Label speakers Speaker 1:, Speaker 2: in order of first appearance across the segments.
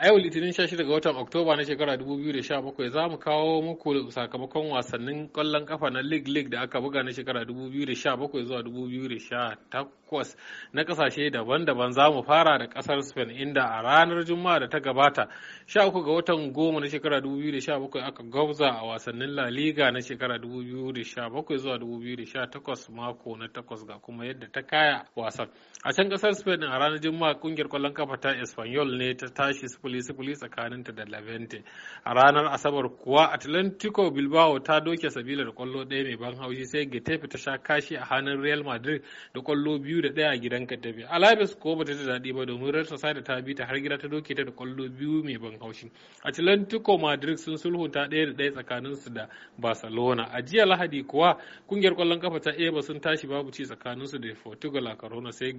Speaker 1: A yau Litinin 16 ga watan Oktoba na shekara 2017 za mu kawo muku sakamakon wasannin kwallon kafa na League League da aka buga na shekara 2017 zuwa 2018 na kasashe daban-daban za mu fara da kasar Spain inda a ranar Juma'a da ta gabata 13 ga watan goma na shekara 2017 aka gwabza a wasannin La Liga na shekara 2017 zuwa 2018 mako na takwas ga kuma yadda ta kaya wasan. A can kasar Spain a ranar Juma'a kungiyar kwallon kafa ta Espanyol ne ta tashi sifili tsakaninta da Levante. A ranar Asabar kuwa Atlantico Bilbao ta doke Sabila da kwallo daya mai ban haushi sai Getafe ta sha kashi a hannun Real Madrid da kwallo biyu da daya a gidan Katabi. Alaves ko bata ta daɗi ba domin Real Sociedad ta bi ta har gida ta doke ta da kwallo biyu mai ban haushi. Atlantico Madrid sun sulhunta daya da ɗaya tsakaninsu da Barcelona. A jiya Lahadi kuwa kungiyar kwallon kafa ta Eba sun tashi babu ci tsakaninsu da Portugal a Corona sai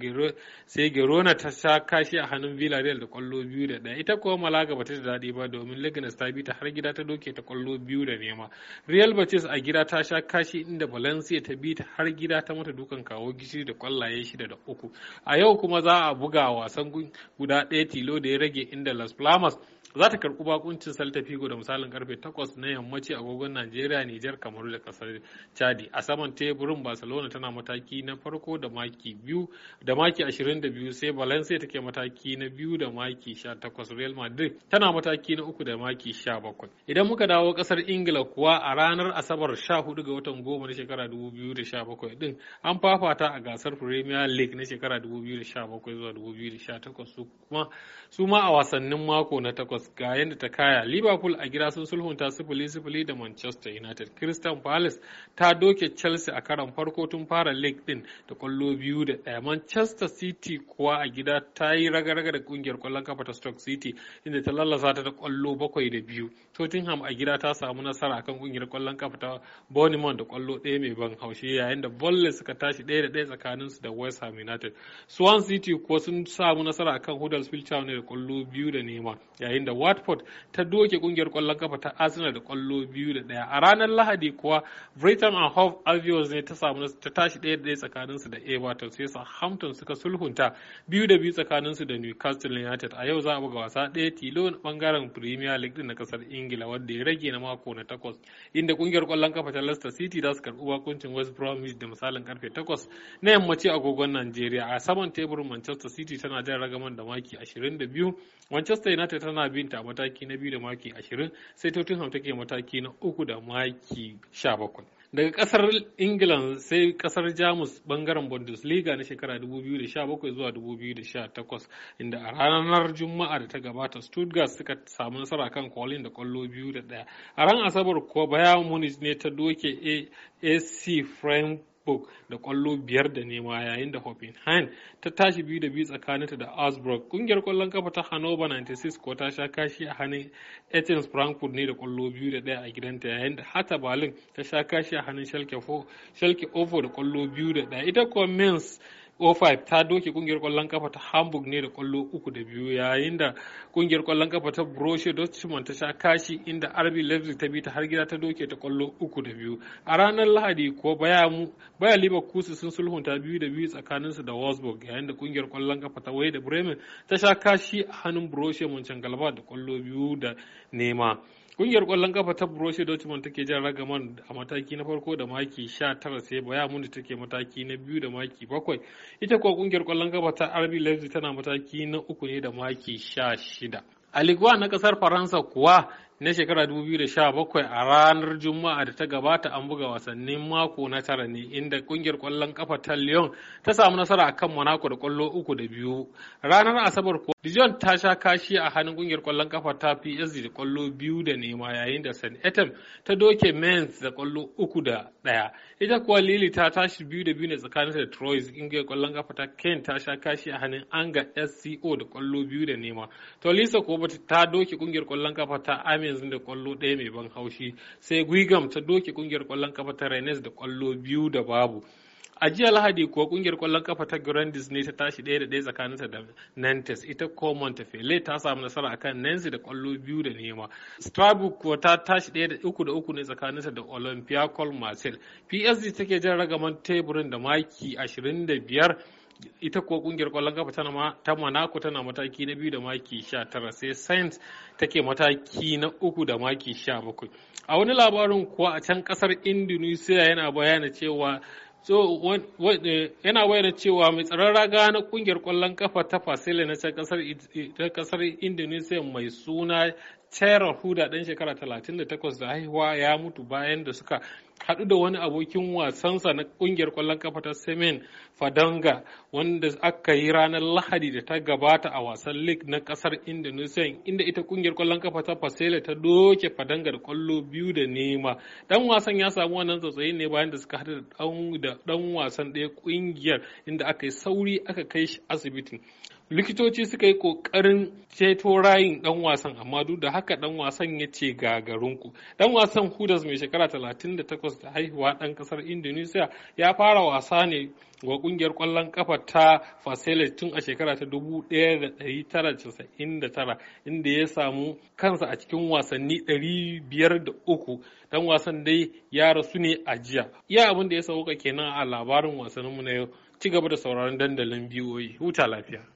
Speaker 1: Girona ta sha kashi a hannun Villarreal da kwallo biyu da ɗaya. Ita kuwa malaga ta da daɗi ba domin leganes ta bi ta har gida ta doke ta kwallo biyu da nema real betis a gida ta sha kashi inda valencia ta bi ta har gida ta mata dukan kawo gishiri da kwallaye shida da uku a yau kuma za a buga wasan guda ɗaya tilo da ya rage inda las palmas za ta karɓi bakuncin salta Figo da misalin karfe 8 na yammaci agogon Najeriya, Nijar, Kamaru da kasar Chadi. A saman teburin Barcelona tana mataki na farko da maki biyu da maki 22 sai Valencia take mataki na biyu da maki 18 Real Madrid tana mataki na uku da maki 17. Idan muka dawo kasar Ingila kuwa a ranar Asabar 14 ga watan goma na shekara 2017 din an fafata a gasar Premier League na shekara 2017 zuwa 2018 su kuma su ma a wasannin mako na takwas Spurs ga yadda ta kaya Liverpool a gida sun sulhunta sifili sifili da Manchester United Crystal Palace ta doke Chelsea a karon farko tun fara league din da kwallo biyu da ɗaya Manchester City kuwa a gida ta yi raga-raga da kungiyar kwallon kafa ta Stoke City inda ta lallasa ta da kwallo bakwai da biyu Tottenham a gida ta samu nasara akan kungiyar kwallon kafa ta Bournemouth da kwallo ɗaya mai ban haushi yayin da Burnley suka tashi ɗaya da ɗaya tsakaninsu da West Ham United Swansea City kuwa sun samu nasara akan Huddersfield Town da kwallo biyu da nema yayin da da watford ta doke kungiyar kwallon kafa ta arsenal da kwallo biyu da daya a ranar lahadi kuwa brighton and hove albion ne ta samu ta tashi daya tsakanin tsakaninsu da everton sai southampton suka sulhunta biyu da biyu tsakaninsu da newcastle united a yau za a buga wasa daya tilo na bangaren premier league din na kasar ingila wanda ya rage na mako na takwas inda kungiyar kwallon kafa ta leicester city za su karɓi bakuncin west bromwich da misalin karfe takwas na yammaci agogon najeriya a saman teburin manchester city tana jan ragaman da maki 22 manchester united tana bi binta mataki na biyu da maki ashirin sai tottenham take mataki na uku da maki sha bakwai daga kasar england sai kasar jamus bangaren bundesliga na shekara 2017 zuwa 2018 inda a ranar juma'a da ta gabata stuttgart suka samu nasara kan kwallon da kwallo biyu da daya a ran asabar kuwa bayan munich ne ta doke ac frank Augsburg da kwallo biyar da nema yayin da Hoffenheim ta tashi biyu da biyu tsakaninta da Augsburg. Kungiyar kwallon kafa ta Hannover 96 ko ta sha kashi a hannun Athens Frankfurt ne da kwallo biyu da daya a gidanta yayin da Hata Berlin ta sha kashi a hannun Schalke 04 da kwallo biyu da daya. Ita kuwa Mainz 05 ta doke kungiyar kwallon kafa ta hamburg ne da kwallo uku da biyu yayin da kungiyar kwallon kafa ta borussia dortmund ta sha kashi inda rb leipzig ta bi ta har gida ta doke ta kwallo uku da biyu a ranar lahadi ko baya leverkusen sun sulhunta biyu da biyu tsakaninsu da wolfsburg yayin da kungiyar kwallon kafa ta waye da bremen ta sha kashi a hannun borussia mönchengladbach da kwallo biyu da nema Kungiyar kwallon kafa ta Borussia Dortmund take jan ragaman a mataki na farko da maki 19 sai bayan mun take mataki na biyu da maki 7. Ita kuwa kungiyar kwallon kafa ta RB Leipzig tana mataki na uku ne da maki 16. A Ligue na kasar Faransa kuwa na shekara 2017 a ranar Juma'a da ta gabata an buga wasannin mako na tara ne inda kungiyar kwallon kafa ta Lyon ta samu nasara akan Monaco da kwallo uku da biyu. Ranar Asabar ko Dijon ta sha kashi a hannun kungiyar kwallon kafa ta PSG da kwallo biyu da nema yayin da St. etem ta doke mens da kwallo uku da ɗaya. Ita kuwa lili ta tashi biyu da biyu ne tsakanin da Troyes kungiyar kwallon kafa ta Ken ta sha kashi a hannun Anga SCO da kwallo biyu da nema. Tolisa kuwa ta doke kungiyar kwallon kafa ta Amin yanzu da kwallo ɗaya mai ban haushi sai guigam ta doke kungiyar kwallon kafa ta rennes da kwallo biyu da babu a jiya lahadi kuwa kungiyar kwallon kafa ta grandis ne ta tashi ɗaya da ɗaya tsakaninta da nantes ita ko montefele ta samu nasara akan nancy da kwallo biyu da nema strasbourg kuwa ta tashi ɗaya da uku da uku ne tsakaninta da olympiacos marseille psd take jan ragaman teburin da maki ashirin da biyar ita kuwa kungiyar kwallon kafa tana ta Monaco tana mataki na biyu da maki 19 sai Saints take mataki na uku da maki 17 a wani labarin kuwa a can kasar Indonesia yana bayana cewa so eh, yana bayyana cewa mai tsaron raga na kungiyar kwallon kafa ta fasile na kasar indonesia mai suna tara huda dan shekara 38 da haihuwa ya mutu bayan da suka haɗu da wani abokin wasansa na ƙungiyar kwallon kafa ta semen fadanga wanda aka yi ranar lahadi da ta gabata a wasan league na kasar indonesia inda ita ƙungiyar ƙwallon kafa ta fasela ta doke fadanga da kwallo biyu da nema dan wasan ya samu wannan tsatsayi ne bayan da suka haɗu da dan wasan ɗaya ƙungiyar inda aka yi sauri aka kai shi asibiti likitoci suka yi kokarin ceto rayin dan wasan amma duk da haka dan wasan ya ce gagarunku dan wasan hudas mai shekara 38 da haihuwa dan kasar indonesia ya fara wasa ne wa kungiyar kwallon kafa ta faselis tun a shekara ta 1999 inda ya samu kansa a cikin wasanni 503 dan wasan dai ya rasu ne a jiya iya abin da ya sauka kenan a labarin wasanninmu na yau ci gaba da sauraron dandalin biyoyi huta lafiya